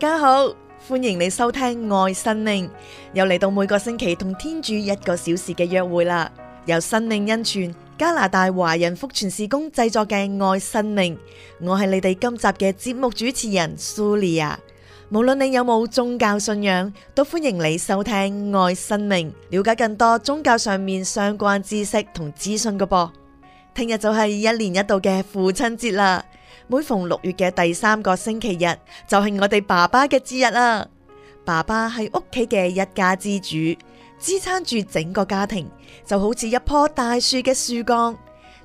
大家好，歡迎你收聽愛生命，又嚟到每個星期同天主一個小時嘅約會啦。由生命恩泉加拿大華人福傳事工製作嘅愛生命，我係你哋今集嘅節目主持人蘇麗亞。無論你有冇宗教信仰，都歡迎你收聽愛生命，了解更多宗教上面相關知識同資訊嘅噃，聽日就係一年一度嘅父親節啦。每逢六月嘅第三個星期日，就係我哋爸爸嘅節日啦。爸爸係屋企嘅一家之主，支撐住整個家庭，就好似一棵大樹嘅樹幹，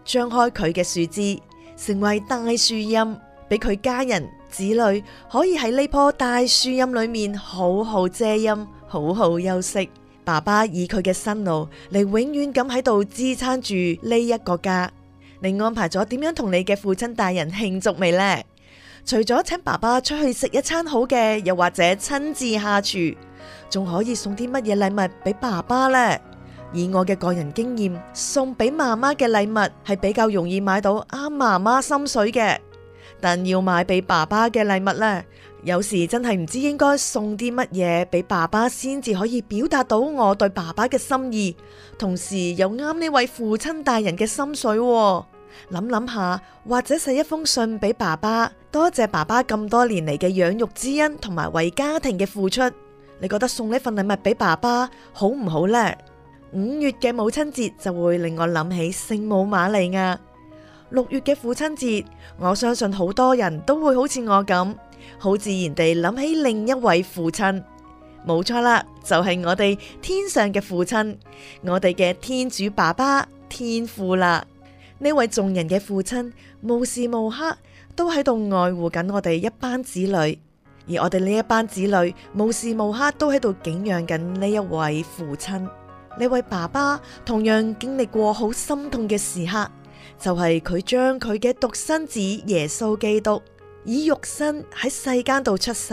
張開佢嘅樹枝，成為大樹蔭，俾佢家人子女可以喺呢棵大樹蔭裏面好好遮蔭、好好休息。爸爸以佢嘅辛勞嚟永遠咁喺度支撐住呢一個家。你安排咗點樣同你嘅父親大人慶祝未呢？除咗請爸爸出去食一餐好嘅，又或者親自下廚，仲可以送啲乜嘢禮物俾爸爸呢？以我嘅個人經驗，送俾媽媽嘅禮物係比較容易買到啱媽媽心水嘅，但要買俾爸爸嘅禮物呢，有時真係唔知應該送啲乜嘢俾爸爸先至可以表達到我對爸爸嘅心意，同時又啱呢位父親大人嘅心水。諗諗下，或者寫一封信俾爸爸，多謝爸爸咁多年嚟嘅養育之恩同埋為家庭嘅付出。你覺得送呢份禮物俾爸爸好唔好呢？五月嘅母親節就會令我諗起聖母瑪利亞。六月嘅父親節，我相信好多人都會好似我咁，好自然地諗起另一位父親。冇錯啦，就係我哋天上嘅父親，我哋嘅天主爸爸，天父啦。呢位眾人嘅父親，無時無刻都喺度愛護緊我哋一班子女，而我哋呢一班子女，無時無刻都喺度敬仰緊呢一位父親，呢位爸爸同樣經歷過好心痛嘅時刻，就係佢將佢嘅獨生子耶穌基督以肉身喺世間度出世，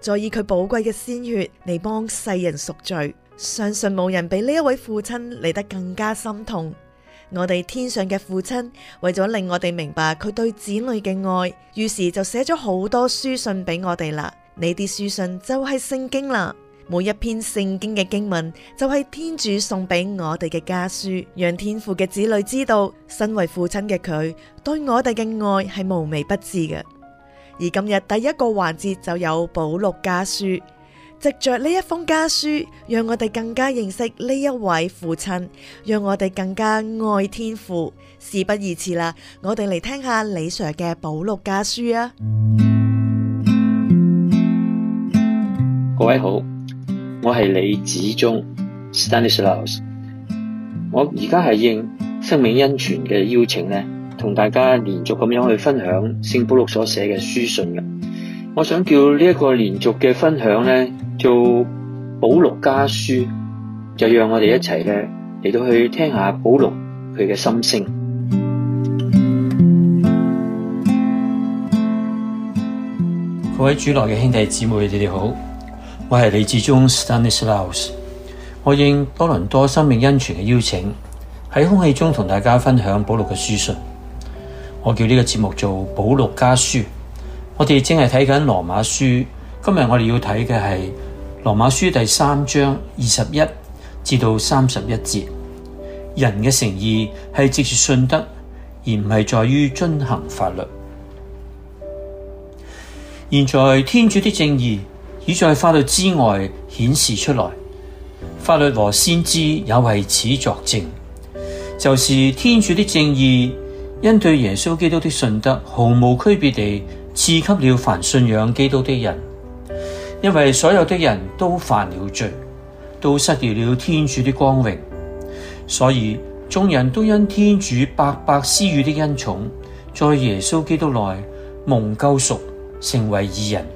再以佢寶貴嘅鮮血嚟幫世人贖罪，相信冇人比呢一位父親嚟得更加心痛。我哋天上嘅父親為咗令我哋明白佢對子女嘅愛，於是就寫咗好多書信俾我哋啦。呢啲書信就係聖經啦。每一篇聖經嘅經文就係、是、天主送俾我哋嘅家書，讓天父嘅子女知道身為父親嘅佢對我哋嘅愛係無微不至嘅。而今日第一個環節就有保祿家書。藉着呢一封家書，讓我哋更加認識呢一位父親，讓我哋更加愛天父。事不宜遲啦，我哋嚟聽下李 Sir 嘅保祿家書啊！各位好，我係李子忠，Stanislaus。我而家係應生命恩泉嘅邀請咧，同大家連續咁樣去分享聖保祿所寫嘅書信嘅。我想叫呢一個連續嘅分享呢做保祿家書，就讓我哋一齊呢嚟到去聽下保祿佢嘅心聲。各位主內嘅兄弟姊妹，你哋好，我係李志忠 Stanislaus，我應多倫多生命恩泉嘅邀請，喺空氣中同大家分享保祿嘅書信。我叫呢個節目做保祿家書。我哋正係睇緊羅馬書，今日我哋要睇嘅係羅馬書第三章二十一至到三十一節。人嘅誠意係藉住信德，而唔係在於遵行法律。現在天主的正義已在法律之外顯示出來，法律和先知也為此作證，就是天主的正義因對耶穌基督的信德毫無區別地。賜給了凡信仰基督的人，因為所有的人都犯了罪，都失掉了天主的光榮，所以眾人都因天主白白施予的恩寵，在耶穌基督內蒙救贖，成為義人。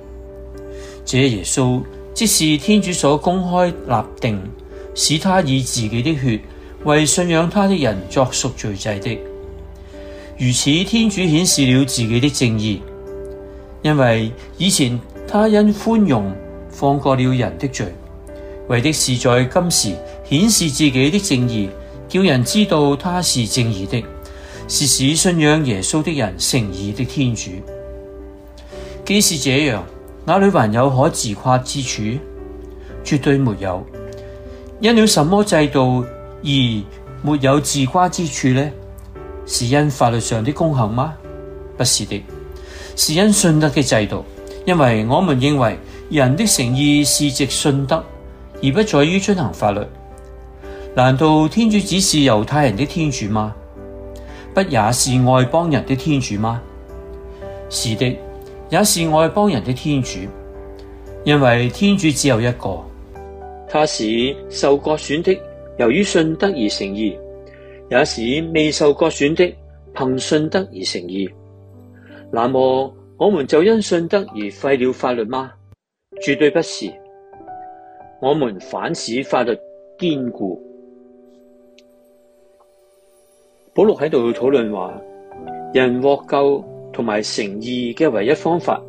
這耶穌即是天主所公開立定，使他以自己的血為信仰他的人作贖罪祭的。如此，天主顯示了自己的正義。因為以前他因寬容放過了人的罪，為的是在今時顯示自己的正義，叫人知道他是正義的，是使信仰耶穌的人成義的天主。既是這樣，那裏還有可自誇之處？絕對沒有。因了什麼制度而沒有自誇之處呢？是因法律上的功行嗎？不是的。是因信德嘅制度，因為我們認為人的成義是藉信德，而不在於遵行法律。難道天主只是猶太人的天主嗎？不也是外邦人的天主嗎？是的，也是外邦人的天主。因為天主只有一個，他是受割損的，由於信德而成義；也是未受割損的，憑信德而成義。那麼我們就因信德而廢了法律嗎？絕對不是，我們反使法律堅固。保祿喺度討論話，人獲救同埋成義嘅唯一方法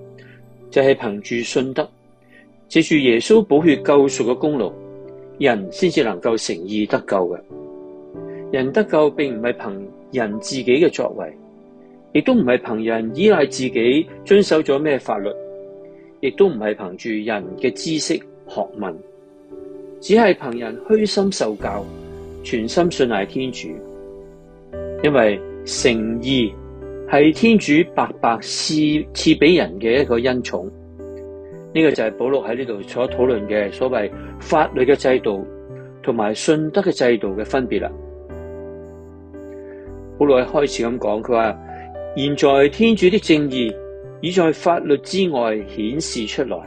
就係憑住信德，借住耶穌寶血救贖嘅功勞，人先至能夠成義得救嘅。人得救並唔係憑人自己嘅作為。亦都唔係憑人依賴自己遵守咗咩法律，亦都唔係憑住人嘅知識學問，只係憑人虛心受教，全心信賴天主。因為成義係天主白白賜賜俾人嘅一個恩寵。呢、這個就係保祿喺呢度所討論嘅所謂法律嘅制度同埋信德嘅制度嘅分別啦。保祿開始咁講，佢話。現在天主的正義已在法律之外顯示出來。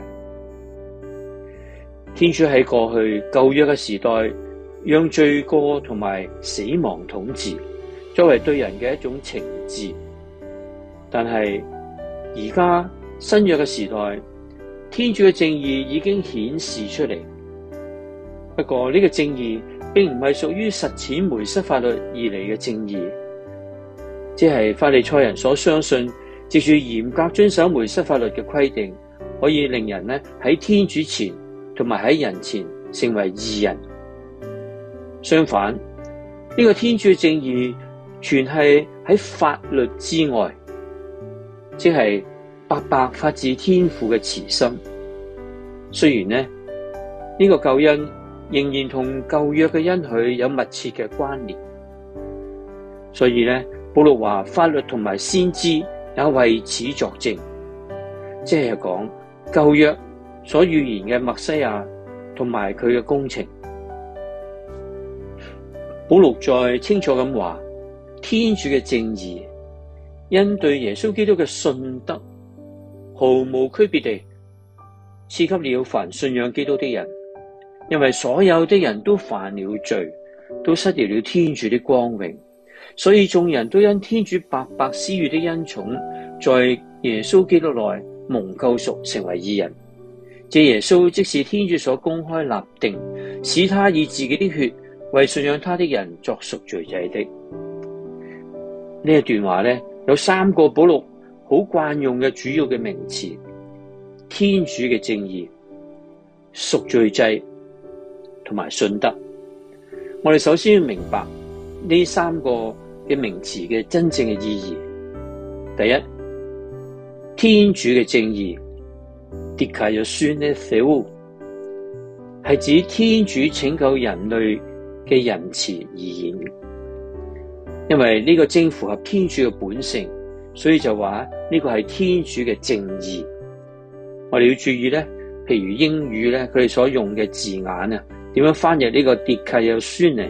天主喺過去舊約嘅時代，讓罪過同埋死亡統治，作為對人嘅一種懲治。但係而家新約嘅時代，天主嘅正義已經顯示出嚟。不過呢個正義，並唔係屬於實踐梅瑟法律而嚟嘅正義。即係法利賽人所相信，接住嚴格遵守梅瑟法律嘅規定，可以令人咧喺天主前同埋喺人前成為義人。相反，呢個天主嘅正義全係喺法律之外，即係白白發自天父嘅慈心。雖然呢，呢個救恩仍然同舊約嘅恩許有密切嘅關聯，所以咧。保祿話：法律同埋先知也為此作證，即係講舊約所預言嘅默西亞同埋佢嘅工程。保祿再清楚咁話：天主嘅正義因對耶穌基督嘅信德，毫無區別地賜給了凡信仰基督的人，因為所有的人都犯了罪，都失掉了了天主的光榮。所以眾人都因天主白白施予的恩寵，在耶穌基督內蒙救贖，成為義人。這耶穌即是天主所公開立定，使他以自己的血為信仰他的人作贖罪祭的。呢一段話咧，有三個保禄好慣用嘅主要嘅名詞：天主嘅正義、贖罪祭同埋信德。我哋首先要明白。呢三個嘅名詞嘅真正嘅意義，第一，天主嘅正義，跌價又酸咧少，係指天主拯救人類嘅仁慈而言。因為呢個正符合天主嘅本性，所以就話呢、這個係天主嘅正義。我哋要注意咧，譬如英語咧，佢哋所用嘅字眼啊，點樣翻譯呢、這個跌價又酸咧？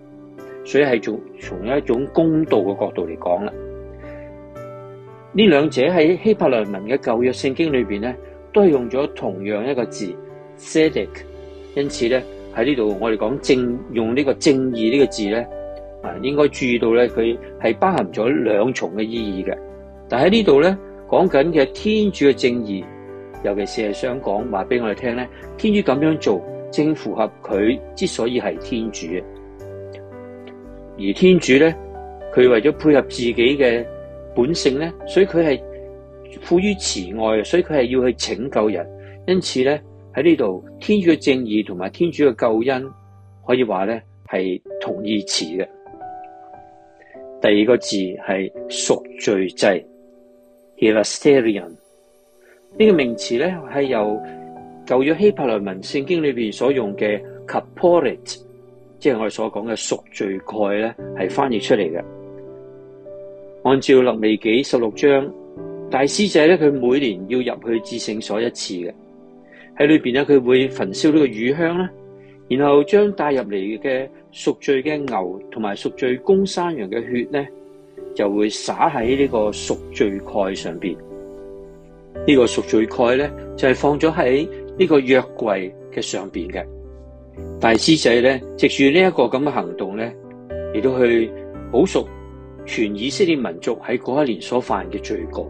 所以係從從一種公道嘅角度嚟講啦，呢兩者喺希伯來文嘅舊約聖經裏邊咧，都係用咗同樣一個字，stadek。Sedic 因此咧喺呢度我哋講正用呢個正義呢個字咧，啊應該注意到咧佢係包含咗兩重嘅意義嘅。但喺呢度咧講緊嘅天主嘅正義，尤其是係想講話俾我哋聽咧，天主咁樣做正符合佢之所以係天主。而天主咧，佢為咗配合自己嘅本性咧，所以佢係富於慈愛，所以佢係要去拯救人。因此咧，喺呢度，天主嘅正義同埋天主嘅救恩，可以話咧係同義詞嘅。第二個字係贖罪祭，hilasterion。呢個名詞咧係由舊約希伯來文聖經裏邊所用嘅 kaporet。即係我哋所講嘅贖罪蓋咧，係翻譯出嚟嘅。按照《肋未紀》十六章，大司祭咧，佢每年要入去至聖所一次嘅。喺裏邊咧，佢會焚燒呢個乳香咧，然後將帶入嚟嘅贖罪嘅牛同埋贖罪公山羊嘅血咧，就會灑喺、這個、呢個贖罪蓋上邊。呢個贖罪蓋咧，就係、是、放咗喺呢個約櫃嘅上邊嘅。大司祭咧，藉住呢一個咁嘅行動咧，亦都去補贖全以色列民族喺嗰一年所犯嘅罪過。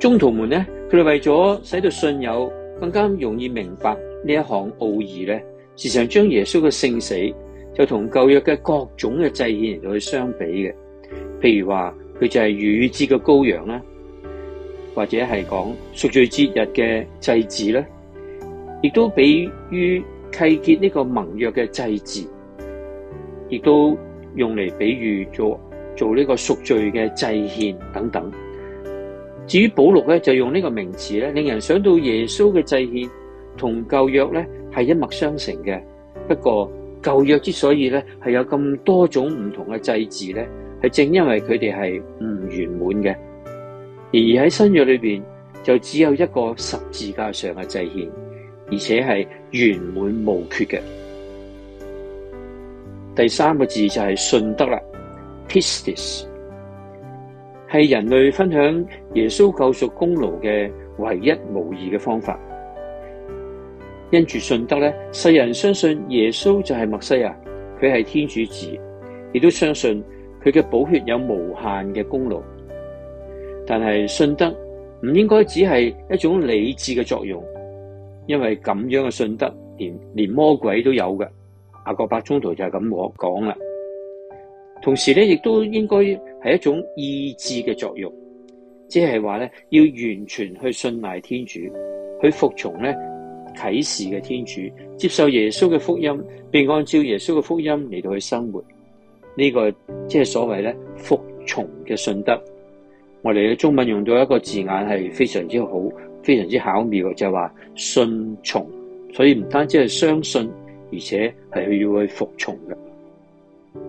宗徒們咧，佢哋為咗使到信友更加容易明白呢一項奧義咧，時常將耶穌嘅聖死就同舊約嘅各種嘅祭獻嚟到去相比嘅，譬如話佢就係逾越嘅羔羊啦，或者係講贖罪之日嘅祭祀咧。亦都比喻契結呢個盟約嘅祭祀，亦都用嚟比喻做做呢個贖罪嘅祭獻等等。至於保祿咧，就用呢個名詞咧，令人想到耶穌嘅祭獻同舊約咧係一脈相承嘅。不過舊約之所以咧係有咁多種唔同嘅祭祀咧，係正因為佢哋係唔完滿嘅，而喺新約裏邊就只有一個十字架上嘅祭獻。而且係完滿無缺嘅。第三個字就係信德啦，pistis 係人類分享耶穌救贖功勞嘅唯一無二嘅方法。因住信德咧，世人相信耶穌就係默西亞，佢係天主子，亦都相信佢嘅寶血有無限嘅功勞。但係信德唔應該只係一種理智嘅作用。因為咁樣嘅信德連，連連魔鬼都有嘅。雅各伯宗徒就係咁講啦。同時咧，亦都應該係一種意志嘅作用，即係話咧，要完全去信賴天主，去服從咧啟示嘅天主，接受耶穌嘅福音，並按照耶穌嘅福音嚟到去生活。呢、這個即係所謂咧服從嘅信德。我哋嘅中文用到一個字眼係非常之好。非常之巧妙，就係話、是、信從，所以唔單止係相信，而且係要去服從嘅。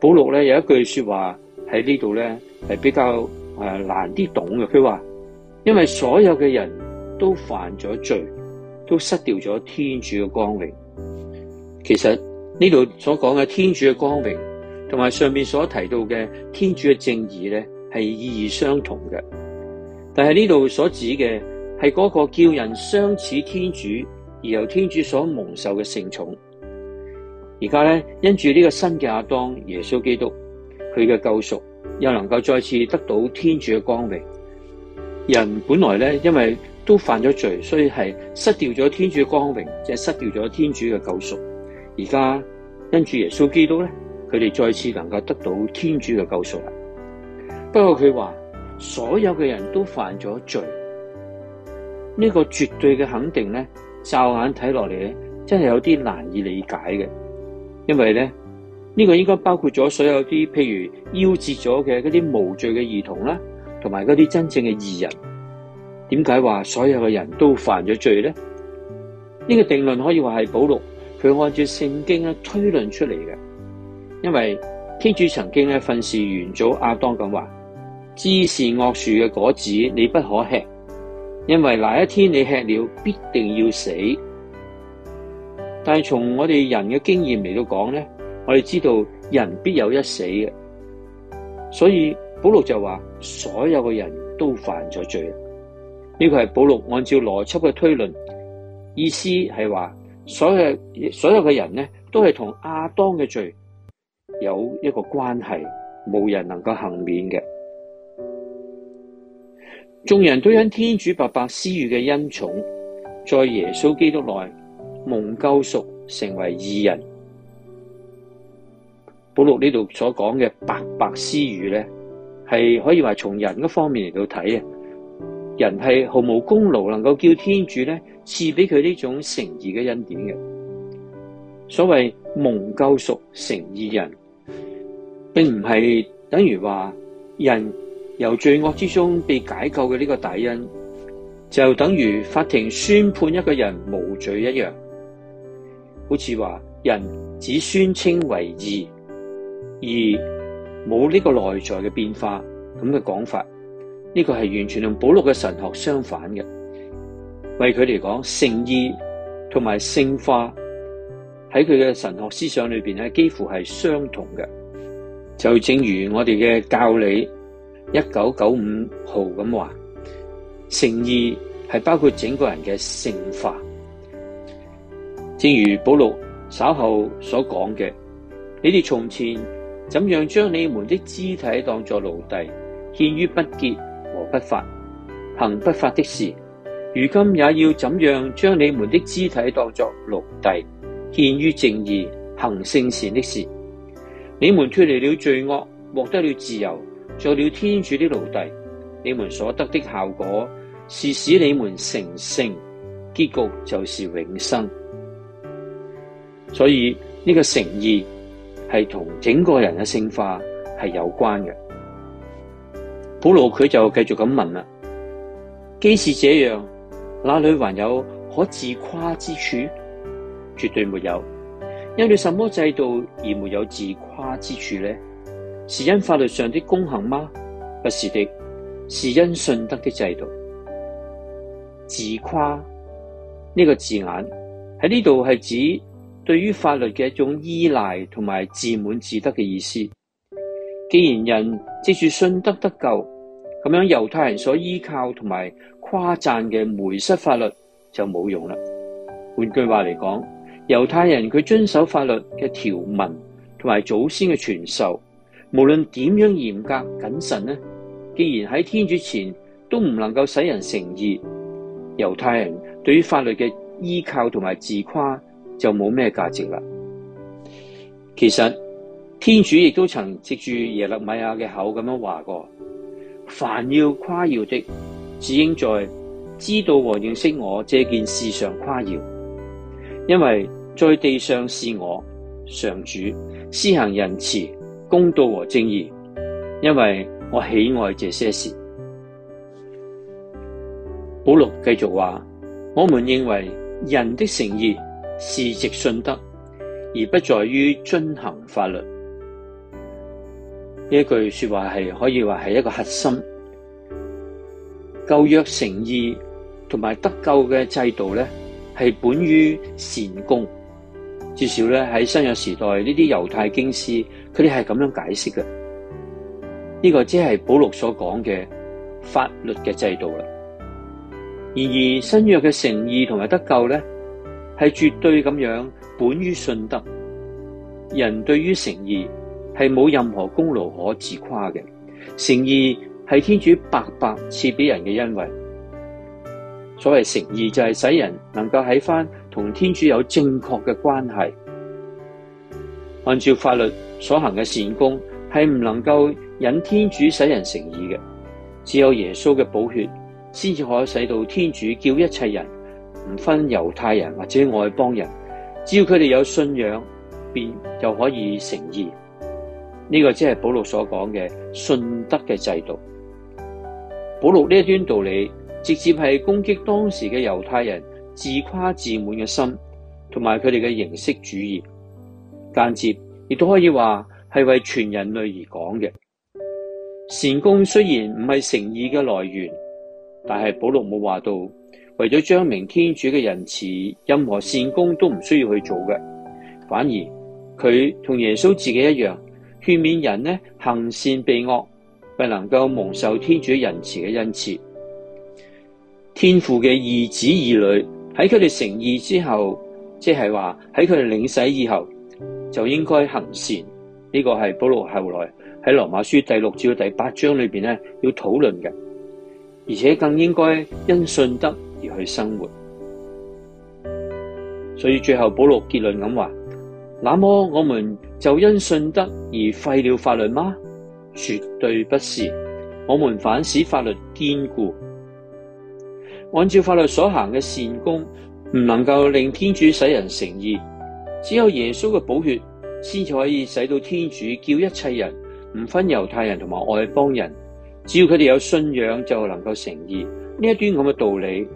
保祿咧有一句說話喺呢度咧係比較誒、呃、難啲懂嘅。佢話，因為所有嘅人都犯咗罪，都失掉咗天主嘅光榮。其實呢度所講嘅天主嘅光榮，同埋上面所提到嘅天主嘅正義咧，係意義相同嘅。但係呢度所指嘅係嗰個叫人相似天主而由天主所蒙受嘅聖寵。而家咧因住呢個新嘅亞當耶穌基督佢嘅救贖，又能夠再次得到天主嘅光榮。人本來咧因為都犯咗罪，所以係失掉咗天主嘅光榮，即係失掉咗天主嘅救贖。而家因住耶穌基督咧，佢哋再次能夠得到天主嘅救贖啦。不過佢話。所有嘅人都犯咗罪，呢個絕對嘅肯定咧，驟眼睇落嚟咧，真係有啲難以理解嘅。因為咧，呢個應該包括咗所有啲譬如夭折咗嘅嗰啲無罪嘅兒童啦，同埋嗰啲真正嘅異人。點解話所有嘅人都犯咗罪咧？呢個定論可以話係保祿，佢按照聖經咧推論出嚟嘅，因為天主曾經咧訓示元祖亞當咁話。知是惡樹嘅果子，你不可吃，因為那一天你吃了，必定要死。但係從我哋人嘅經驗嚟到講咧，我哋知道人必有一死嘅，所以保祿就話所有嘅人都犯咗罪。呢個係保祿按照邏輯嘅推論，意思係話所有所有嘅人咧，都係同亞當嘅罪有一個關係，冇人能夠幸免嘅。眾人都因天主白白施予嘅恩寵，在耶穌基督內蒙救贖，成為義人。保祿呢度所講嘅白白施予咧，係可以話從人嗰方面嚟到睇嘅。人係毫無功勞能夠叫天主咧賜俾佢呢種誠意嘅恩典嘅。所謂蒙救贖、成義人，並唔係等於話人。由罪惡之中被解救嘅呢個大恩，就等於法庭宣判一個人無罪一樣。好似話人只宣稱為義，而冇呢個內在嘅變化咁嘅講法，呢、這個係完全同保祿嘅神學相反嘅。為佢嚟講，聖義同埋聖化喺佢嘅神學思想裏邊咧，幾乎係相同嘅。就正如我哋嘅教理。一九九五號咁話，成義係包括整個人嘅聖化，正如保祿稍後所講嘅，你哋從前怎樣將你們的肢體當作奴隸，獻於不潔和不法，行不法的事，如今也要怎樣將你們的肢體當作奴隸，獻於正義，行聖善的事。你們脫離了罪惡，獲得了自由。做了天主的奴隸，你們所得的效果是使你們成聖，結局就是永生。所以呢，這個誠意係同整個人嘅聖化係有關嘅。保羅佢就繼續咁問啦：既是這樣，哪裏還有可自誇之處？絕對沒有。因為什麼制度而沒有自誇之處呢？是因法律上的公行嗎？不是的，是因信德的制度。自誇呢個字眼喺呢度係指對於法律嘅一種依賴同埋自滿自得嘅意思。既然人藉住信德得救，咁樣猶太人所依靠同埋誇讚嘅梅瑟法律就冇用啦。換句話嚟講，猶太人佢遵守法律嘅條文同埋祖先嘅傳授。無論點樣嚴格謹慎呢，既然喺天主前都唔能夠使人誠意，猶太人對於法律嘅依靠同埋自誇就冇咩價值啦。其實天主亦都曾藉住耶肋米亞嘅口咁樣話過，凡要誇耀的，只應在知道和認識我這件事上誇耀，因為在地上是我上主施行仁慈，公道和正義，因為我喜愛這些事。保禄繼續話，我們認為人的誠意是藉信德，而不在於遵行法律。呢一句說話係可以話係一個核心。舊約誠意同埋得救嘅制度咧，係本於善功。至少咧喺新約時代呢啲猶太經師。佢哋係咁樣解釋嘅，呢、這個即係保祿所講嘅法律嘅制度啦。然而新約嘅誠意同埋得救咧，係絕對咁樣本於信德。人對於誠意係冇任何功勞可自誇嘅，誠意係天主白白賜俾人嘅恩惠。所謂誠意就係使人能夠喺翻同天主有正確嘅關係，按照法律。所行嘅善功係唔能夠引天主使人誠意嘅，只有耶穌嘅寶血先至可以使到天主叫一切人唔分猶太人或者外邦人，只要佢哋有信仰，便就可以誠意。呢個即係保禄所講嘅信德嘅制度。保禄呢一段道理直接係攻擊當時嘅猶太人自誇自滿嘅心，同埋佢哋嘅形式主義，間接。亦都可以話係為全人類而講嘅。善功雖然唔係誠意嘅來源，但係保羅冇話到為咗彰明天主嘅仁慈，任何善功都唔需要去做嘅。反而佢同耶穌自己一樣，勸勉人呢行善避惡，為能夠蒙受天主仁慈嘅恩賜。天父嘅義子義女喺佢哋誠意之後，即係話喺佢哋領洗以後。就應該行善，呢、這個係保羅後來喺羅馬書第六至到第八章裏邊咧要討論嘅，而且更應該因信德而去生活。所以最後保羅結論咁話：那麼我們就因信德而廢了法律嗎？絕對不是，我們反使法律堅固。按照法律所行嘅善功，唔能夠令天主使人成義。只有耶穌嘅寶血，先可以使到天主叫一切人唔分猶太人同埋外邦人，只要佢哋有信仰就能夠成義。呢一端咁嘅道理，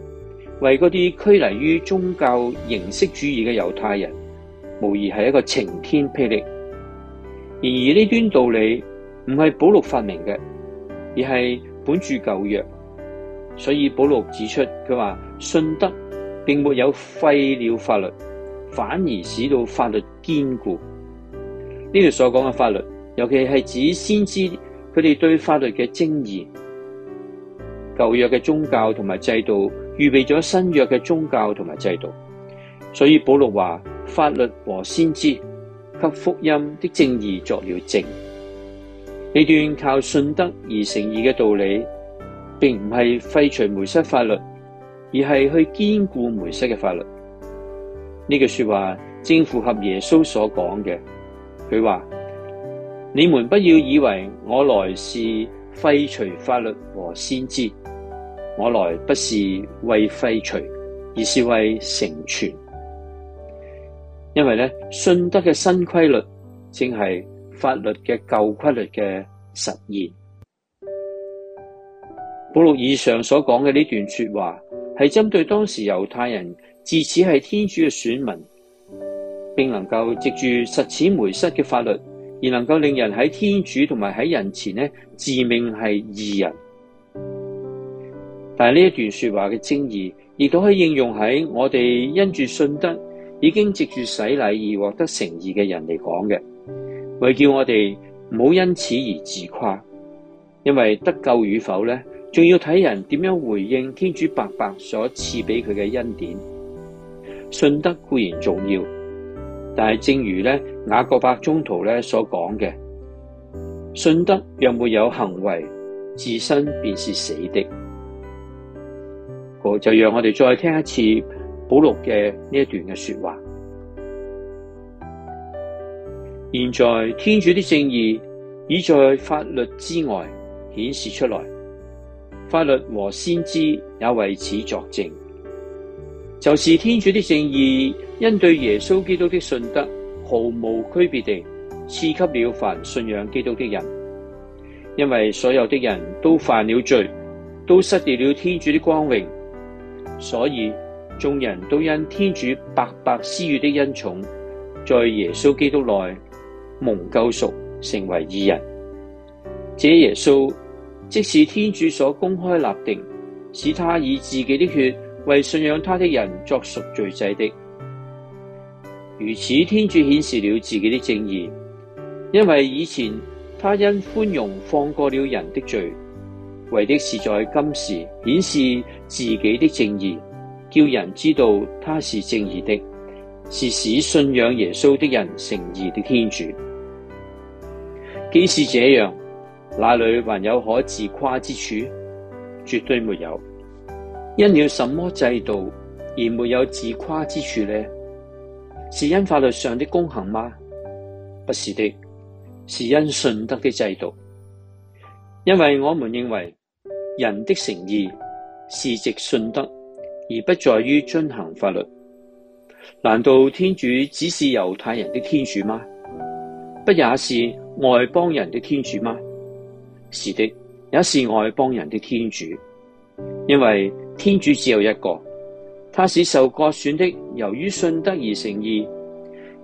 為嗰啲拘泥於宗教形式主義嘅猶太人，無疑係一個晴天霹靂。然而呢端道理唔係保禄發明嘅，而係本住舊約。所以保禄指出，佢話信德並沒有廢了法律。反而使到法律堅固。呢度所講嘅法律，尤其係指先知佢哋對法律嘅正義，舊約嘅宗教同埋制度預備咗新約嘅宗教同埋制度。所以保祿話：法律和先知及福音的正義作了證。呢段靠信德而成義嘅道理，並唔係廢除梅瑟法律，而係去堅固梅瑟嘅法律。呢句說話正符合耶穌所講嘅，佢話：你們不要以為我來是廢除法律和先知，我來不是為廢除，而是為成全。因為咧，信德嘅新規律正係法律嘅舊規律嘅實現。保祿以上所講嘅呢段說話，係針對當時猶太人。自此係天主嘅選民，並能夠藉住實踐梅瑟嘅法律，而能夠令人喺天主同埋喺人前呢自命係義人。但係呢一段說話嘅精義，亦都可以應用喺我哋因住信德已經藉住洗禮而獲得成義嘅人嚟講嘅，為叫我哋唔好因此而自誇，因為得救與否呢，仲要睇人點樣回應天主白白所賜俾佢嘅恩典。信德固然重要，但係正如咧雅各伯中途咧所講嘅，信德若沒有行為，自身便是死的。好，就讓我哋再聽一次保祿嘅呢一段嘅說話。現在天主的正義已在法律之外顯示出來，法律和先知也為此作證。就是天主的正義，因對耶穌基督的信德毫無區別地賜給了凡信仰基督的人，因為所有的人都犯了罪，都失掉了，了天主的光榮，所以眾人都因天主白白施予的恩寵，在耶穌基督內蒙救贖，成為義人。這耶穌即是天主所公開立定，使他以自己的血。為信仰他的人作贖罪祭的，如此天主顯示了自己的正義，因為以前他因寬容放過了人的罪，為的是在今時顯示自己的正義，叫人知道他是正義的，是使信仰耶穌的人成義的天主。既是這樣，哪裏還有可自誇之處？絕對沒有。因了什麼制度而沒有自誇之處呢？是因法律上的功行嗎？不是的，是因信德的制度。因為我們認為人的誠意是藉信德，而不在於遵行法律。難道天主只是猶太人的天主嗎？不也是外邦人的天主嗎？是的，也是外邦人的天主，因為。天主只有一個，他使受割損的，由於信德而成義，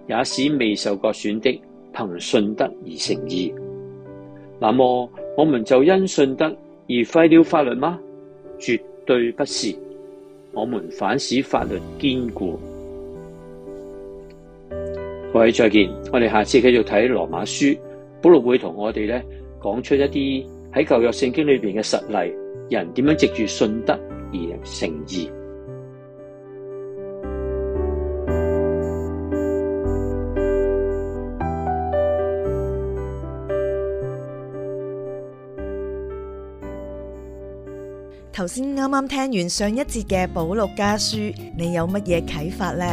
也使未受割損的憑信德而成義。那麼我們就因信德而廢了法律嗎？絕對不是，我們反使法律堅固。各位再見，我哋下次繼續睇羅馬書，保祿會同我哋咧講出一啲喺舊約聖經裏邊嘅實例，人點樣藉住信德，而成義。頭先啱啱聽完上一節嘅《保祿家書》，你有乜嘢啟發呢？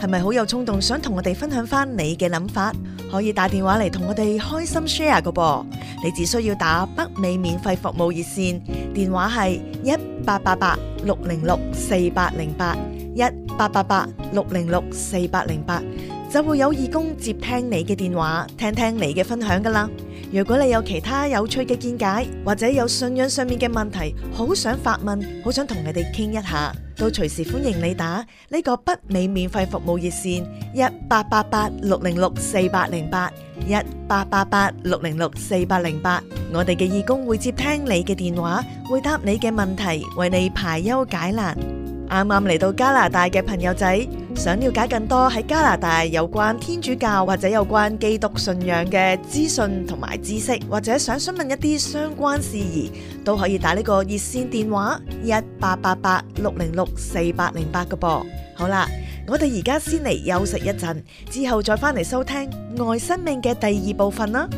係咪好有衝動想同我哋分享翻你嘅諗法？可以打電話嚟同我哋開心 share 㗎噃。你只需要打北美免費服務熱線。電話係一八八八六零六四八零八一八八八六零六四八零八，就會有義工接聽你嘅電話，聽聽你嘅分享㗎喇。如果你有其他有趣嘅見解，或者有信仰上面嘅問題，好想發問，好想同你哋傾一下。都隨時歡迎你打呢個北美免費服務熱線一八八八六零六四八零八一八八八六零六四八零八，我哋嘅義工會接聽你嘅電話，回答你嘅問題，為你排憂解難。啱啱嚟到加拿大嘅朋友仔，想了解更多喺加拿大有關天主教或者有關基督信仰嘅資訊同埋知識，或者想詢問一啲相關事宜，都可以打呢個熱線電話一八八八六零六四八零八個噃。好啦，我哋而家先嚟休息一陣，之後再翻嚟收聽愛生命嘅第二部分啦。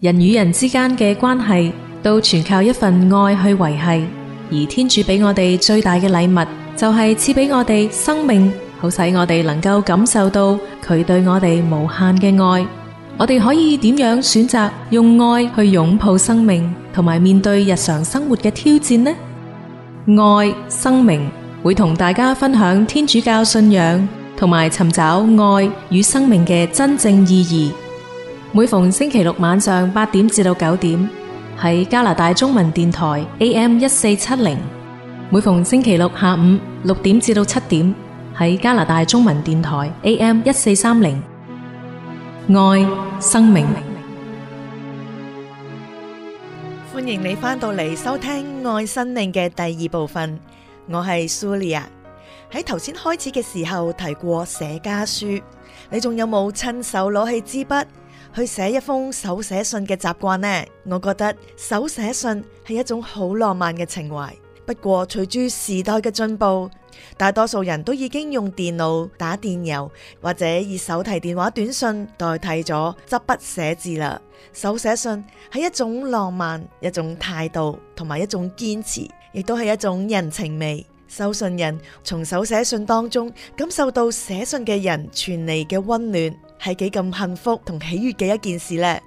人與人之間嘅關係。都全靠一份愛去維繫，而天主俾我哋最大嘅禮物，就係賜俾我哋生命，好使我哋能夠感受到佢對我哋無限嘅愛。我哋可以點樣選擇用愛去擁抱生命，同埋面對日常生活嘅挑戰呢？愛、生命，會同大家分享天主教信仰，同埋尋找愛與生命嘅真正意義。每逢星期六晚上八點至到九點。喺加拿大中文電台 AM 一四七零，每逢星期六下午六點至到七點，喺加拿大中文電台 AM 一四三零。愛生命，歡迎你翻到嚟收聽《愛生命》嘅第二部分。我係蘇麗亞，喺頭先開始嘅時候提過寫家書，你仲有冇親手攞起支筆？去寫一封手寫信嘅習慣呢？我覺得手寫信是一種好浪漫嘅情懷。不過隨住時代嘅進步，大多數人都已經用電腦打電郵或者以手提電話短信代替咗執筆寫字了。手寫信是一種浪漫、一種態度同埋一種堅持，亦都係一種人情味。收信人從手寫信當中感受到寫信嘅人傳嚟嘅溫暖。係幾咁幸福同喜悅嘅一件事呢？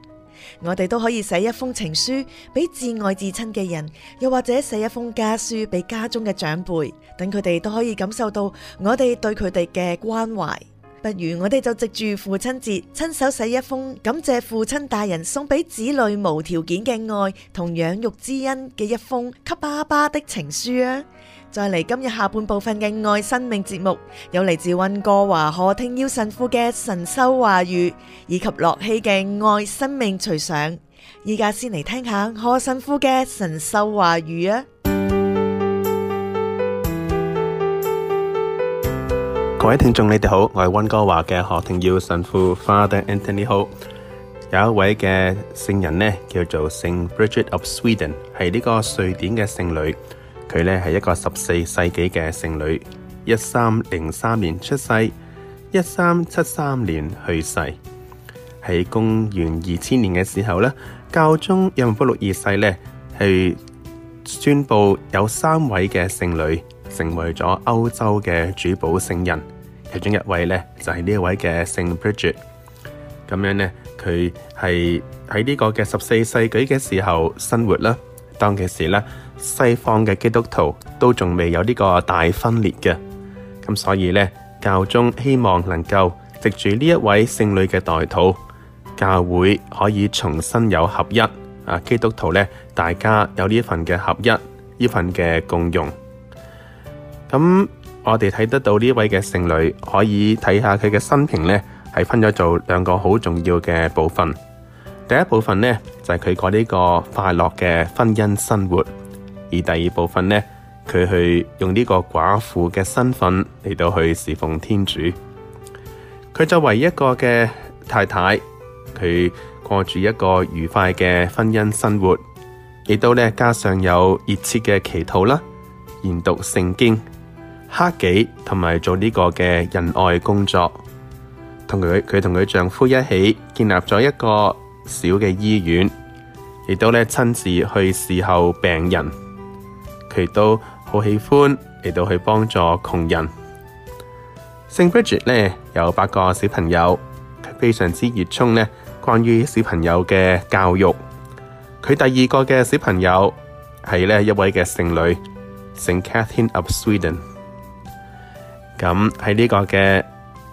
我哋都可以寫一封情書俾至愛至親嘅人，又或者寫一封家書俾家中嘅長輩，等佢哋都可以感受到我哋對佢哋嘅關懷。不如我哋就藉住父親節，親手寫一封感謝父親大人送俾子女無條件嘅愛同養育之恩嘅一封給爸爸的情書啊！再嚟，今日下半部分嘅愛生命節目，有嚟自溫哥華何庭耀神父嘅神修話語，以及駱曦嘅愛生命隨想。依家先嚟聽，聽下何神父嘅神修話語啊！各位聽眾，你哋好，我係溫哥華嘅何庭耀神父 Father Anthony。好，有一位嘅聖人呢，叫做聖 Bridget of Sweden，係呢個瑞典嘅聖女。佢咧係一個十四世紀嘅聖女，一三零三年出世，一三七三年去世。喺公元二千年嘅時候咧，教宗若望保禄二世咧係宣布有三位嘅聖女成為咗歐洲嘅主保聖人，其中一位咧就係、是、呢一位嘅聖布爵。咁樣咧，佢係喺呢個嘅十四世紀嘅時候生活啦，當其時咧。西方嘅基督徒都仲未有呢個大分裂嘅，咁所以呢，教宗希望能夠藉住呢一位聖女嘅代禱，教會可以重新有合一啊。基督徒呢，大家有呢一份嘅合一，呢份嘅共用。咁我哋睇得到呢位嘅聖女，可以睇下佢嘅生平呢，係分咗做兩個好重要嘅部分。第一部分呢，就係佢過呢個快樂嘅婚姻生活。而第二部分呢，佢去用呢個寡婦嘅身份嚟到去侍奉天主。佢作為一個嘅太太，佢過住一個愉快嘅婚姻生活，亦都咧加上有熱切嘅祈禱啦、研讀聖經、克己同埋做呢個嘅仁愛工作。同佢，佢同佢丈夫一起建立咗一個小嘅醫院，亦都咧親自去侍候病人。佢都好喜歡嚟到去幫助窮人。聖 Bridget 咧有八個小朋友，佢非常之熱衷咧關於小朋友嘅教育。佢第二個嘅小朋友係咧一位嘅聖女，聖 Catherine of Sweden。咁喺呢個嘅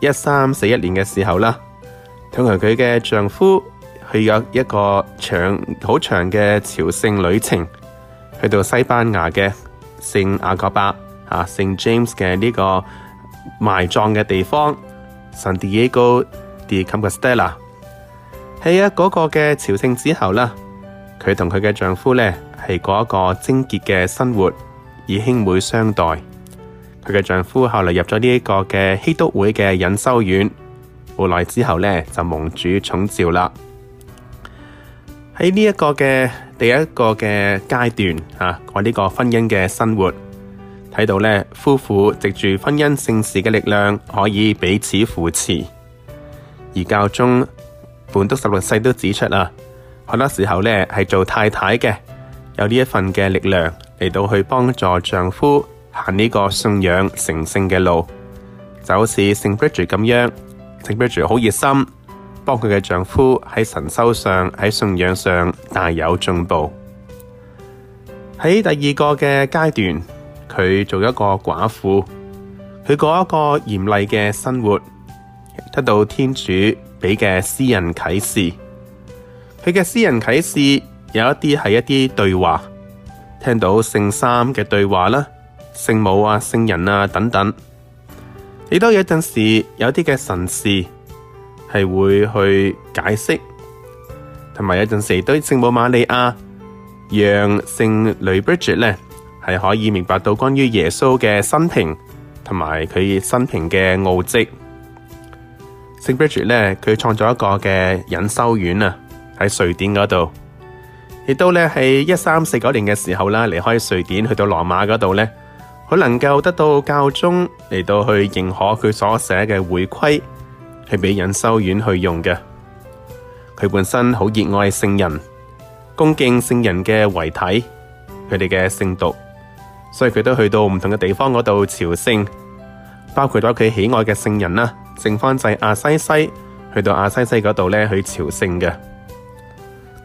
一三四一年嘅時候啦，通常佢嘅丈夫去有一個長好長嘅朝聖旅程。去到西班牙嘅聖雅各伯啊，聖 James 嘅呢個埋葬嘅地方，San Diego de Compestella。喺啊嗰、那個嘅朝聖之後啦，佢同佢嘅丈夫咧係過一個貞潔嘅生活，以兄妹相待。佢嘅丈夫後來入咗呢一個嘅熙篤會嘅隱修院，冇耐之後咧就蒙主寵召啦。喺呢一個嘅第一個嘅階段啊，我、這、呢個婚姻嘅生活睇到呢，夫婦藉住婚姻聖事嘅力量，可以彼此扶持。而教宗本篤十六世都指出啊，好多時候呢係做太太嘅，有呢一份嘅力量嚟到去幫助丈夫行呢個信仰成聖嘅路，就好似聖布瑞如咁樣，聖布瑞如好熱心。幫佢嘅丈夫喺神修上喺信仰上大有進步。喺第二個嘅階段，佢做一個寡婦，佢過一個嚴厲嘅生活，得到天主俾嘅私人啟示。佢嘅私人啟示有一啲係一啲對話，聽到聖三嘅對話啦，聖母啊、聖人啊等等，你都有陣時有啲嘅神事。係會去解釋，同埋有陣時對聖母瑪利亞，讓聖女布爵咧係可以明白到關於耶穌嘅生平，同埋佢生平嘅奧跡。聖布爵咧，佢創作一個嘅隱修院啊，喺瑞典嗰度，亦都咧係一三四九年嘅時候啦，離開瑞典去到羅馬嗰度咧，佢能夠得到教宗嚟到去認可佢所寫嘅會規。佢俾隱修院去用嘅，佢本身好熱愛聖人，恭敬聖人嘅遺體，佢哋嘅聖髑，所以佢都去到唔同嘅地方嗰度朝聖，包括咗佢喜愛嘅聖人啦，聖方濟亞西西，去到亞西西嗰度咧去朝聖嘅。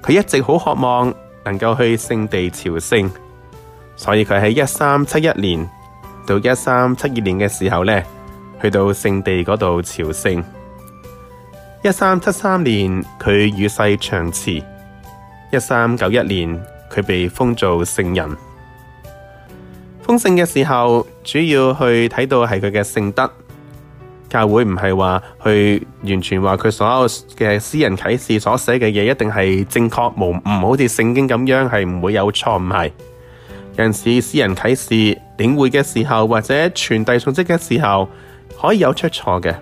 佢一直好渴望能夠去聖地朝聖，所以佢喺一三七一年到一三七二年嘅時候咧，去到聖地嗰度朝聖。一三七三年，佢與世長辭。一三九一年，佢被封做聖人。封聖嘅時候，主要去睇到係佢嘅聖德。教會唔係話去完全話佢所有嘅私人啟示所寫嘅嘢一定係正確無誤，好似聖經咁樣係唔會有錯誤。係有陣時私人啟示領會嘅時候或者傳遞信息嘅時候，可以有出錯嘅。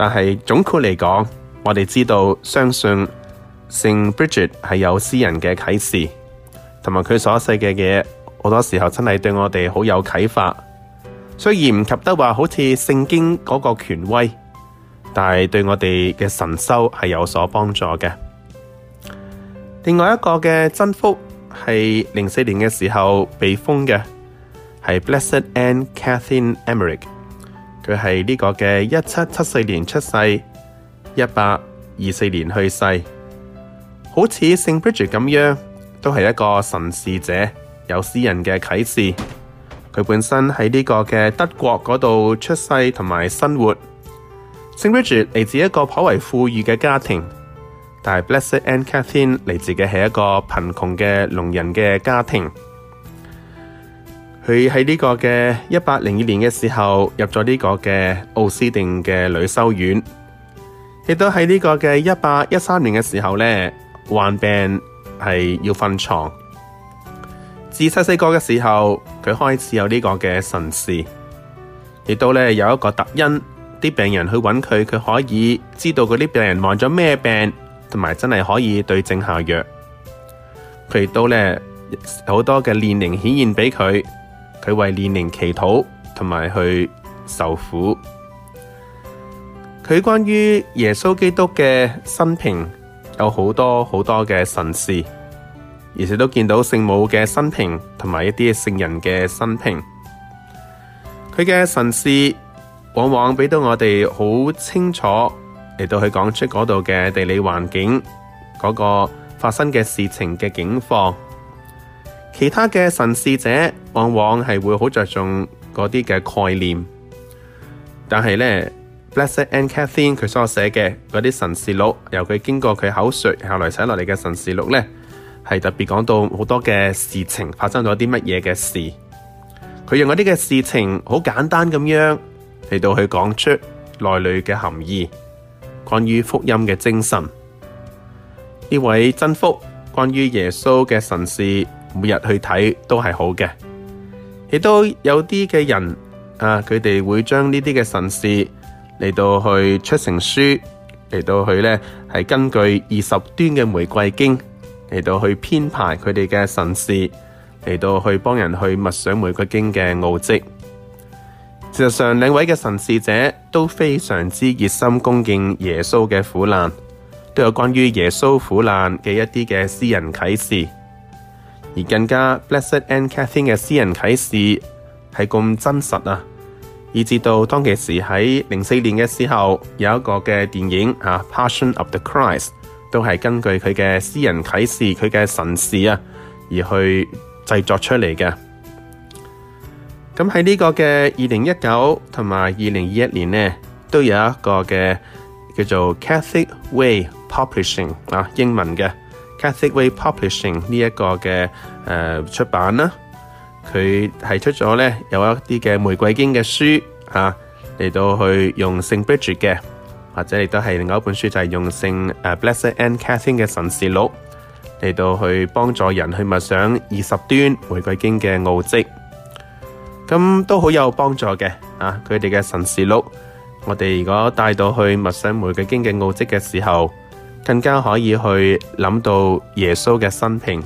但係總括嚟講，我哋知道相信聖 Bridget 係有私人嘅啟示，同埋佢所寫嘅嘢，好多時候真係對我哋好有啟發。雖然唔及得話好似聖經嗰個權威，但係對我哋嘅神修係有所幫助嘅。另外一個嘅真福係零四年嘅時候被封嘅，係 Blessed Anne Catherine Emmerich。佢係呢個嘅一七七四年出世，一八二四年去世。好似聖 Bridget 咁樣，都係一個神視者，有私人嘅啟示。佢本身喺呢個嘅德國嗰度出世同埋生活。聖 Bridget 嚟自一個頗為富裕嘅家庭，但係 Blessed Anne Catherine 嚟自嘅係一個貧窮嘅農人嘅家庭。佢喺呢個嘅一八零二年嘅時候入咗呢個嘅奧斯定嘅女修院，亦都喺呢個嘅一八一三年嘅時候呢，患病係要瞓床。自細細個嘅時候，佢開始有呢個嘅神視，亦都呢有一個特因啲病人去揾佢，佢可以知道嗰啲病人患咗咩病，同埋真係可以對症下藥。佢亦都呢，好多嘅年齡顯現俾佢。佢為煉靈祈禱，同埋去受苦。佢關於耶穌基督嘅生平有好多好多嘅神視，而且都見到聖母嘅生平，同埋一啲聖人嘅生平。佢嘅神視往往俾到我哋好清楚嚟到去講出嗰度嘅地理環境，嗰個發生嘅事情嘅境況。其他嘅神視者。.往往係會好着重嗰啲嘅概念，但係呢，Blessed and Catherine，佢所寫嘅嗰啲神事錄，由佢經過佢口述，後來寫落嚟嘅神事錄呢，係特別講到好多嘅事情發生咗啲乜嘢嘅事。佢用嗰啲嘅事情好簡單咁樣嚟到去講出內裏嘅含義，關於福音嘅精神。呢位真福，關於耶穌嘅神事，每日去睇都係好嘅。亦都有啲嘅人佢哋、啊、會將呢啲嘅神視嚟到去出成書，嚟到去呢係根據二十端嘅玫瑰經嚟到去編排佢哋嘅神視，嚟到去幫人去默想玫瑰經嘅奧迹。事實上，兩位嘅神視者都非常之熱心恭敬耶穌嘅苦難，都有關於耶穌苦難嘅一啲嘅私人啟示。而更加 Blessed Anne Catherine 嘅私人啟示係咁真實啊！以至到當其時喺零四年嘅時候，有一個嘅電影啊，《Passion of the Christ》都係根據佢嘅私人啟示，佢嘅神視啊，而去製作出嚟嘅。咁喺呢個嘅二零一九同埋二零二一年呢，都有一個嘅叫做 Catholic Way Publishing 啊，英文嘅。Catholic Way Publishing 呢一個嘅誒、呃、出版啦，佢係出咗呢有一啲嘅玫瑰經嘅書啊，嚟到去用聖 Bridget 嘅，或者亦都係另外一本書就係用聖誒、啊、Blessed Anne Catherine 嘅神事錄嚟到去幫助人去默想二十端玫瑰經嘅奧跡，咁都好有幫助嘅啊！佢哋嘅神事錄，我哋如果帶到去默想玫瑰經嘅奧跡嘅時候，更加可以去諗到耶穌嘅生平，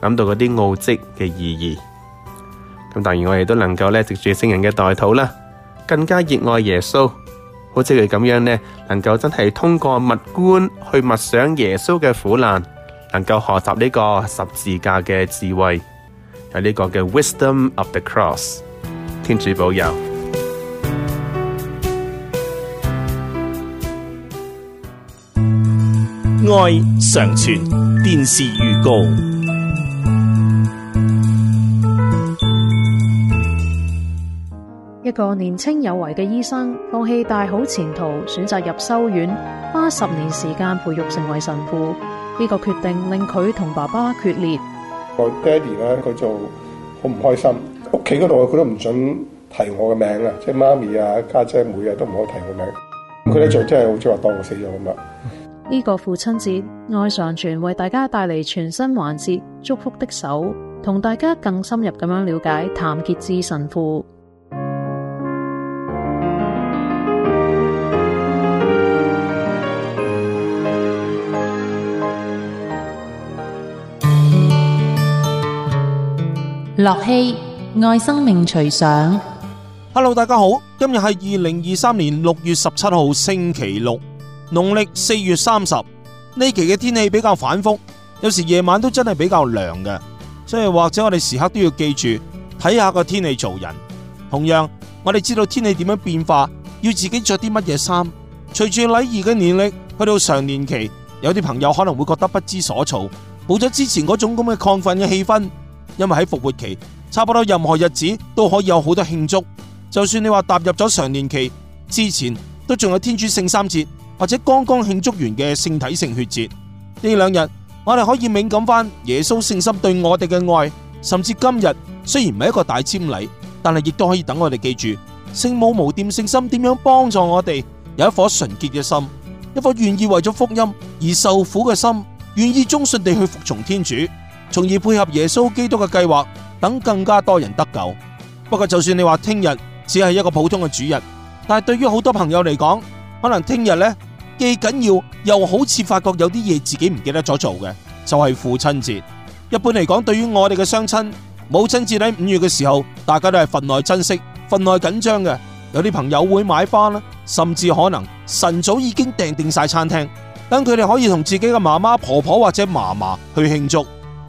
諗到嗰啲奧跡嘅意義。咁當然我亦都能夠咧，藉住聖人嘅代禱啦，更加熱愛耶穌，好似佢咁樣咧，能夠真係通過默觀去默想耶穌嘅苦難，能夠學習呢個十字架嘅智慧，有呢個嘅 Wisdom of the Cross。天主保佑。愛常傳電視預告。一個年青有為嘅醫生，放棄大好前途，選擇入修院，花十年時間培育成為神父。呢個決定令佢同爸爸決裂。我爹哋咧，佢就好唔開心，屋企嗰度佢都唔准提我嘅名啊，即係媽咪啊、家姐，每日都唔可以提我名。佢咧就真係好似話當我死咗咁啊。呢、個父親節，愛上傳為大家帶嚟全新環節，祝福的手，同大家更深入咁樣了解譚杰志神父。駱曦愛生命隨想，Hello，大家好，今日係二零二三年六月十七號星期六。農曆四月三十，呢期嘅天氣比較反覆，有時夜晚都真係比較涼嘅，所以或者我哋時刻都要記住睇下個天氣做人。同樣，我哋知道天氣點樣變化，要自己着啲乜嘢衫。隨住禮儀嘅年曆去到常年期，有啲朋友可能會覺得不知所措，冇咗之前嗰種咁嘅亢奮嘅氣氛。因為喺復活期，差不多任何日子都可以有好多慶祝。就算你話踏入咗常年期，之前都仲有天主聖三節。或者剛剛慶祝完嘅聖體聖血節呢兩日，我哋可以敏感翻耶穌聖心對我哋嘅愛，甚至今日雖然唔係一個大瞻禮，但係亦都可以等我哋記住聖母無玷聖心點樣幫助我哋有一顆純潔嘅心，一顆願意為咗福音而受苦嘅心，願意忠信地去服從天主，從而配合耶穌基督嘅計劃，等更加多人得救。不過就算你話聽日只係一個普通嘅主日，但係對於好多朋友嚟講，可能聽日呢。既緊要，又好似發覺有啲嘢，自己唔記得咗做嘅，就係父親節。一般嚟講，對於我哋嘅雙親，母親節喺五月嘅時候，大家都係份內珍惜、份內緊張嘅。有啲朋友會買花啦，甚至可能晨早已經訂定晒餐廳，等佢哋可以同自己嘅媽媽、婆婆或者嫲嫲去慶祝。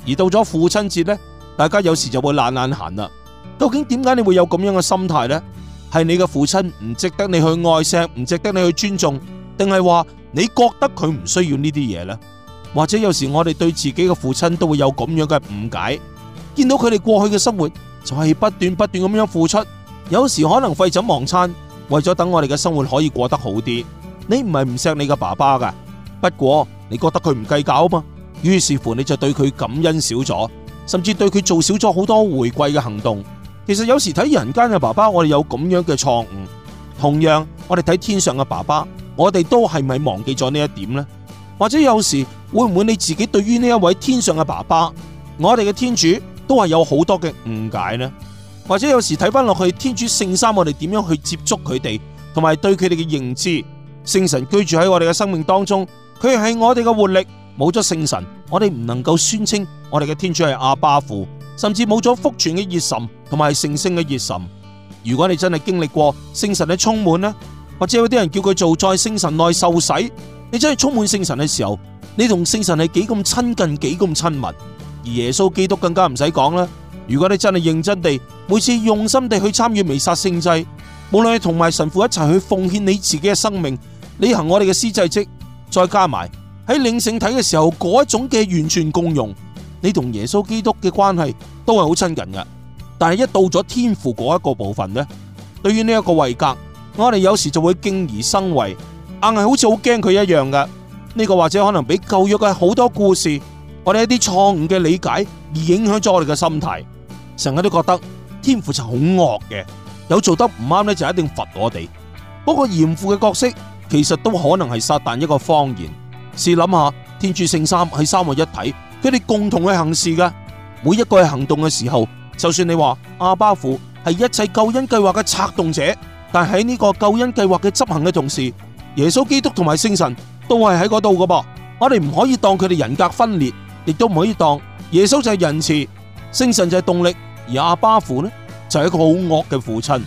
而到咗父親節呢，大家有時就會懶懶閒啦。究竟點解你會有咁樣嘅心態呢？係你嘅父親唔值得你去愛錫，唔值得你去尊重？定係話你覺得佢唔需要呢啲嘢呢？或者有時我哋對自己嘅父親都會有咁樣嘅誤解，見到佢哋過去嘅生活就係、是、不斷不斷咁樣付出，有時可能廢寢忘餐，為咗等我哋嘅生活可以過得好啲。你唔係唔錫你嘅爸爸噶，不過你覺得佢唔計較啊嘛，於是乎你就對佢感恩少咗，甚至對佢做少咗好多回饋嘅行動。其實有時睇人間嘅爸爸，我哋有咁樣嘅錯誤。同樣，我哋睇天上嘅爸爸，我哋都係咪忘記咗呢一點呢？或者有時會唔會你自己對於呢一位天上嘅爸爸，我哋嘅天主都係有好多嘅誤解呢？或者有時睇翻落去天主聖三，我哋點樣去接觸佢哋，同埋對佢哋嘅認知？聖神居住喺我哋嘅生命當中，佢係我哋嘅活力。冇咗聖神，我哋唔能夠宣稱我哋嘅天主係阿巴父，甚至冇咗福傳嘅熱神，同埋神聖嘅熱神。如果你真係經歷過聖神嘅充滿咧，或者有啲人叫佢做在聖神內受洗，你真係充滿聖神嘅時候，你同聖神係幾咁親近，幾咁親密。而耶穌基督更加唔使講啦。如果你真係認真地，每次用心地去參與彌撒聖祭，無論你同埋神父一齊去奉獻你自己嘅生命，履行我哋嘅司祭職，再加埋喺領聖體嘅時候嗰一種嘅完全共融，你同耶穌基督嘅關係都係好親近噶。但係一到咗天父嗰一個部分咧，對於呢一個位格，我哋有時就會敬而生畏，硬係好似好驚佢一樣噶。呢個或者可能俾舊約嘅好多故事，我哋一啲錯誤嘅理解而影響咗我哋嘅心態，成日都覺得天父就好惡嘅，有做得唔啱咧就一定罰我哋。不過嚴父嘅角色其實都可能係撒旦一個謊言。試諗下，天主聖三係三位一體，佢哋共同去行事嘅，每一個行動嘅時候。就算你話阿巴父係一切救恩計劃嘅策動者，但係喺呢個救恩計劃嘅執行嘅同時，耶穌基督同埋聖神都係喺嗰度㗎噃。我哋唔可以當佢哋人格分裂，亦都唔可以當耶穌就係仁慈，聖神就係動力，而阿巴父呢就係、是、一個好惡嘅父親。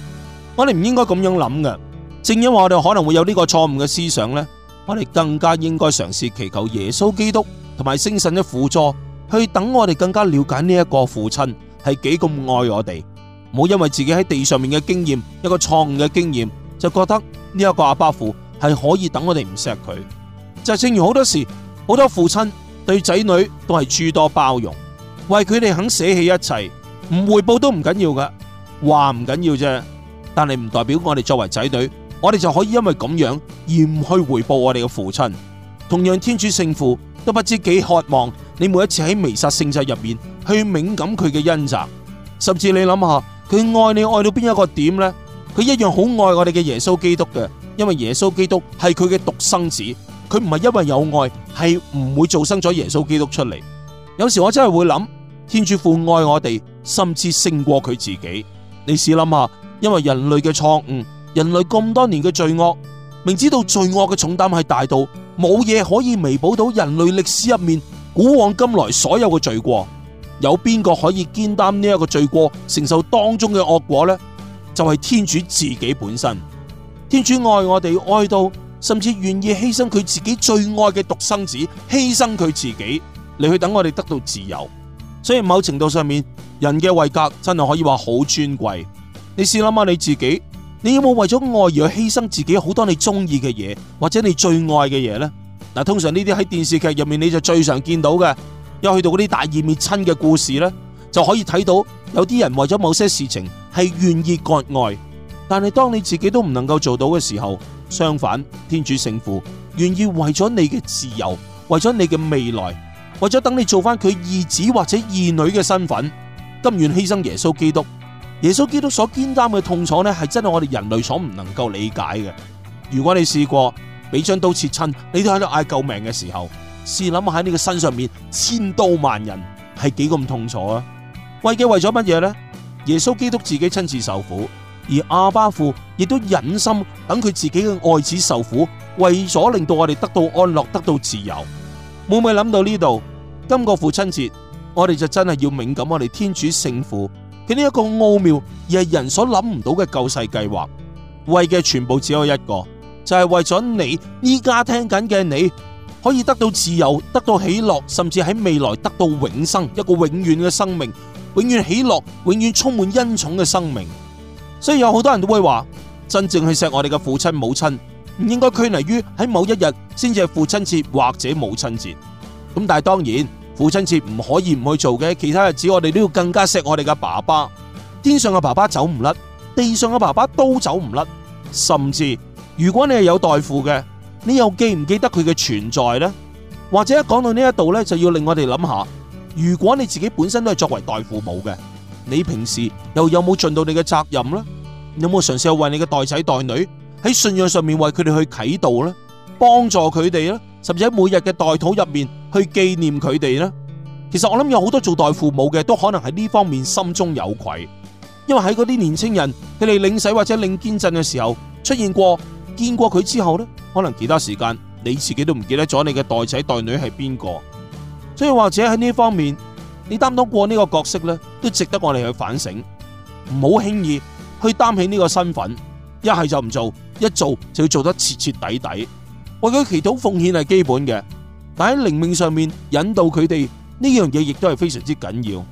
我哋唔應該咁樣諗嘅。正因為我哋可能會有呢個錯誤嘅思想呢，我哋更加應該嘗試祈求耶穌基督同埋聖神嘅輔助，去等我哋更加了解呢一個父親。係幾咁愛我哋，唔好因為自己喺地上面嘅經驗，一個錯誤嘅經驗，就覺得呢一個阿爸父係可以等我哋唔錫佢。就正如好多時候，好多父親對仔女都係諸多包容，為佢哋肯捨棄一切，唔回報都唔緊要嘅，話唔緊要啫。但係唔代表我哋作為仔女，我哋就可以因為咁樣而唔去回報我哋嘅父親。同樣，天主聖父都不知幾渴望你每一次喺彌撒聖祭入面，去敏感佢嘅恩澤，甚至你諗下佢愛你愛到邊一個點咧？佢一樣好愛我哋嘅耶穌基督嘅，因為耶穌基督係佢嘅獨生子，佢唔係因為有愛係唔會造生咗耶穌基督出嚟。有時我真係會諗，天主父愛我哋，甚至勝過佢自己。你試諗下，因為人類嘅錯誤，人類咁多年嘅罪惡，明知道罪惡嘅重擔係大到冇嘢可以彌補到人類歷史入面古往今來所有嘅罪過。有邊個可以肩擔呢一個罪過，承受當中嘅惡果呢？就係、是、天主自己本身。天主愛我哋愛到，甚至願意犧牲佢自己最愛嘅獨生子，犧牲佢自己嚟，去等我哋得到自由。所以某程度上面，人嘅位格真係可以話好尊貴。你試諗下你自己，你有冇為咗愛而犧牲自己好多你中意嘅嘢，或者你最愛嘅嘢呢？嗱，通常呢啲喺電視劇入面，你就最常見到嘅。一去到嗰啲大義滅親嘅故事呢，就可以睇到有啲人為咗某些事情係願意割愛，但係當你自己都唔能夠做到嘅時候，相反，天主聖父願意為咗你嘅自由，為咗你嘅未來，為咗等你做翻佢義子或者義女嘅身份，甘願犧牲耶穌基督。耶穌基督所肩擔嘅痛楚呢，係真係我哋人類所唔能夠理解嘅。如果你試過俾張刀切親，你都喺度嗌救命嘅時候。試諗下喺你嘅身上面，千刀萬刃係幾咁痛楚啊！為嘅為咗乜嘢呢？耶穌基督自己親自受苦，而阿爸父亦都忍心等佢自己嘅愛子受苦，為咗令到我哋得到安樂、得到自由。每每諗到呢度，今個父親節，我哋就真係要敏感我哋天主聖父佢呢一個奧妙而係人所諗唔到嘅救世計劃。為嘅全部只有一個，就係為咗你，依家聽緊嘅你。可以得到自由，得到喜樂，甚至喺未來得到永生，一個永遠嘅生命，永遠喜樂，永遠充滿恩寵嘅生命。所以有好多人都會話，真正去錫我哋嘅父親母親，唔應該拘泥於喺某一日先至係父親節或者母親節。咁但係當然，父親節唔可以唔去做嘅，其他日子我哋都要更加錫我哋嘅爸爸。天上嘅爸爸走唔甩，地上嘅爸爸都走唔甩。甚至如果你係有代父嘅。你又記唔記得佢嘅存在呢？或者一講到呢一度呢，就要令我哋諗下：如果你自己本身都係作為代父母嘅，你平時又有冇盡到你嘅責任呢？有冇嘗試去為你嘅代仔代女喺信仰上面為佢哋去啟導呢？幫助佢哋呢？甚至喺每日嘅代禱入面去紀念佢哋呢？其實我諗有好多做代父母嘅都可能喺呢方面心中有愧，因為喺嗰啲年輕人佢哋領洗或者領堅振嘅時候出現過。見過佢之後咧，可能其他時間你自己都唔記得咗你嘅代仔代女係邊個，所以或者喺呢方面，你擔當過呢個角色咧，都值得我哋去反省，唔好輕易去擔起呢個身份，一係就唔做，一做就要做得徹徹底底，為佢祈禱奉獻係基本嘅，但喺靈命上面引導佢哋呢樣嘢亦都係非常之緊要，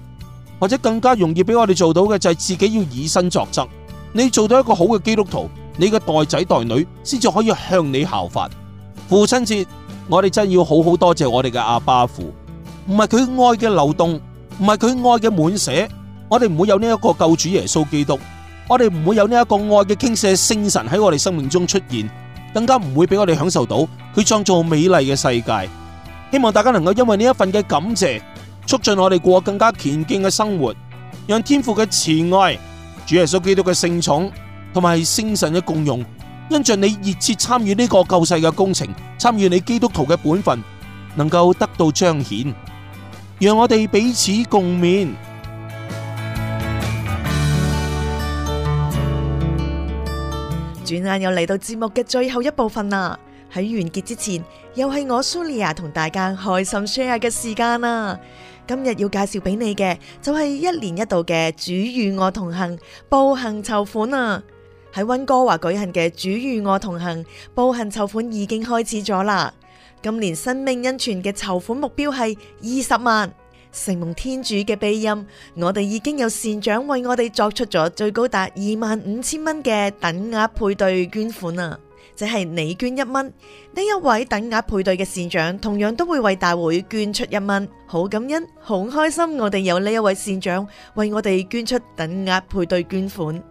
或者更加容易俾我哋做到嘅就係自己要以身作則，你做到一個好嘅基督徒。你個代仔代女先至可以向你效法。父親節，我哋真係要好好多謝我哋嘅阿爸父。唔係佢愛嘅流動，唔係佢愛嘅滿瀉，我哋唔會有呢一個救主耶穌基督。我哋唔會有呢一個愛嘅傾瀉聖神喺我哋生命中出現，更加唔會俾我哋享受到佢創造美麗嘅世界。希望大家能夠因為呢一份嘅感謝，促進我哋過更加虔敬嘅生活，讓天父嘅慈愛、主耶穌基督嘅聖寵。同埋聖神嘅共融，因着你熱切參與呢個救世嘅工程，參與你基督徒嘅本分，能夠得到彰顯，讓我哋彼此共勉。轉眼又嚟到節目嘅最後一部分啦，喺完結之前，又係我蘇麗亞同大家開心 share 嘅時間啦。今日要介紹俾你嘅就係一年一度嘅主與我同行，步行籌款啊！喺溫哥華舉行嘅主與我同行步行籌款已經開始咗啦！今年生命恩泉嘅籌款目標係二十萬。承蒙天主嘅庇蔭，我哋已經有善長為我哋作出咗最高達二萬五千蚊嘅等額配對捐款啊！即係你捐一蚊，呢一位等額配對嘅善長同樣都會為大會捐出一蚊。好感恩，好開心，我哋有呢一位善長為我哋捐出等額配對捐款。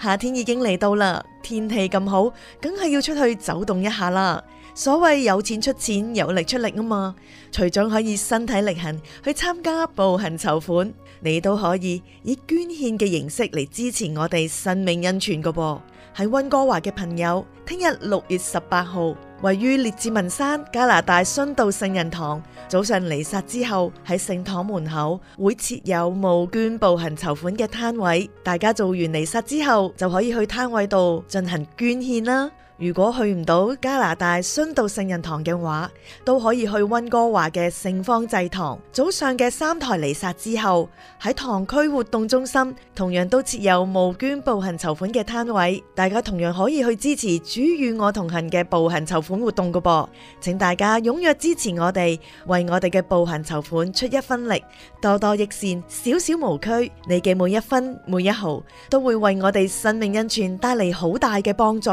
夏天已經嚟到啦，天氣咁好，梗係要出去走動一下啦。所謂有錢出錢，有力出力啊嘛。除咗可以身體力行去參加步行籌款，你都可以以捐獻嘅形式嚟支持我哋生命恩泉的噃。喺溫哥華嘅朋友，聽日六月十八號。位於列治文山加拿大殉道聖人堂，早上彌撒之後喺聖堂門口會設有募捐步行籌款嘅攤位，大家做完彌撒之後就可以去攤位度進行捐獻啦。如果去唔到加拿大殉道聖人堂嘅話，都可以去溫哥華嘅聖方濟堂。早上嘅三台彌撒之後，喺堂區活動中心同樣都設有募捐步行籌款嘅攤位，大家同樣可以去支持主與我同行嘅步行籌款活動㗎噃。請大家踴躍支持我哋，為我哋嘅步行籌款出一分力。多多益善，少少無拘。你嘅每一分、每一毫，都會為我哋生命恩泉帶嚟好大嘅幫助。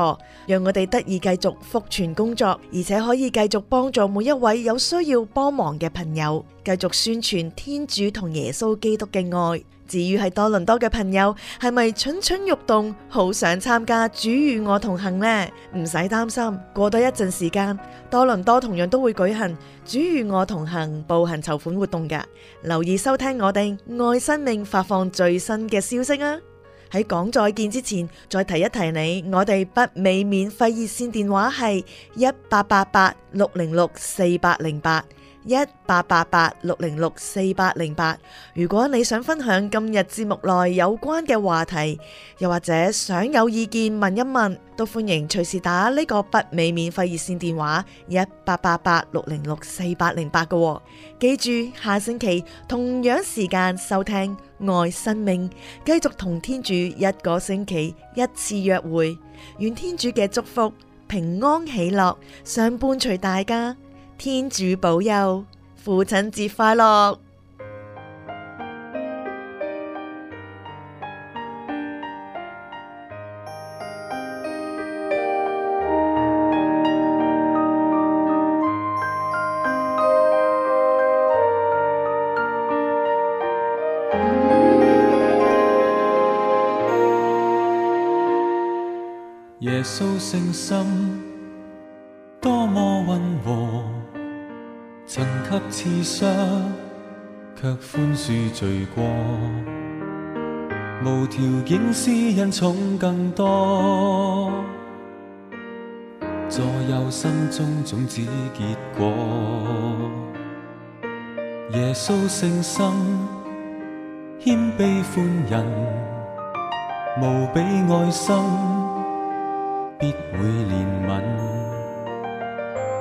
讓我哋得以繼續福傳工作，而且可以繼續幫助每一位有需要幫忙嘅朋友，繼續宣傳天主同耶穌基督嘅愛。至於係多倫多嘅朋友，係咪蠢蠢欲動，好想參加主與我同行呢？唔使擔心，過多一陣時間，多倫多同樣都會舉行主與我同行步行籌款活動㗎。留意收聽我哋愛生命發放最新嘅消息啊！喺講再見之前，再提一提你，我哋北美免費熱線電話係一八八八六零六四八零八。一八八八六零六四八零八。如果你想分享今日節目內有關嘅話題，又或者想有意見問一問，都歡迎隨時打呢個北美免費熱線電話一八八八六零六四八零八個。記住下星期同樣時間收聽愛生命，繼續同天主一個星期一次約會，願天主嘅祝福平安喜樂，常伴隨大家。天主保佑，父親節快樂！耶穌聖心，多麼溫和。曾給刺傷，卻寬恕罪過。無條件施恩，重更多。左右心中種子結果。耶穌聖心，謙卑寬仁，無比愛心，必會憐憫。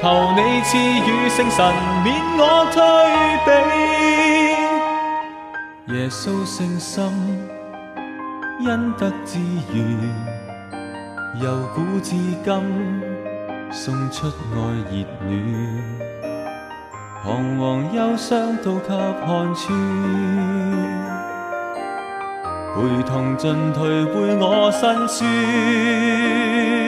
求你賜予聖神，免我退避。耶穌聖心，恩德之源，由古至今，送出愛熱暖。彷徨憂傷都給看穿，陪同進退，伴我辛酸。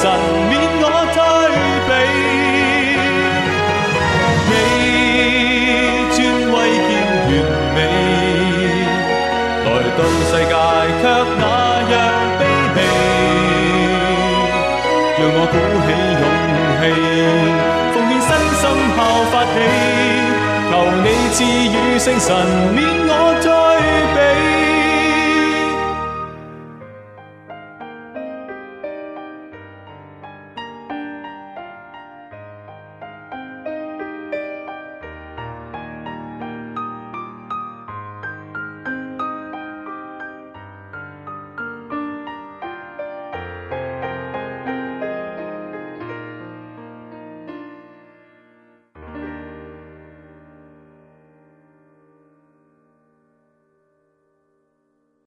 神免我追比，你尊貴兼完美，來到世界卻那樣卑微。讓我鼓起勇氣，奉獻身心靠發起，求你賜予聖神，免我再。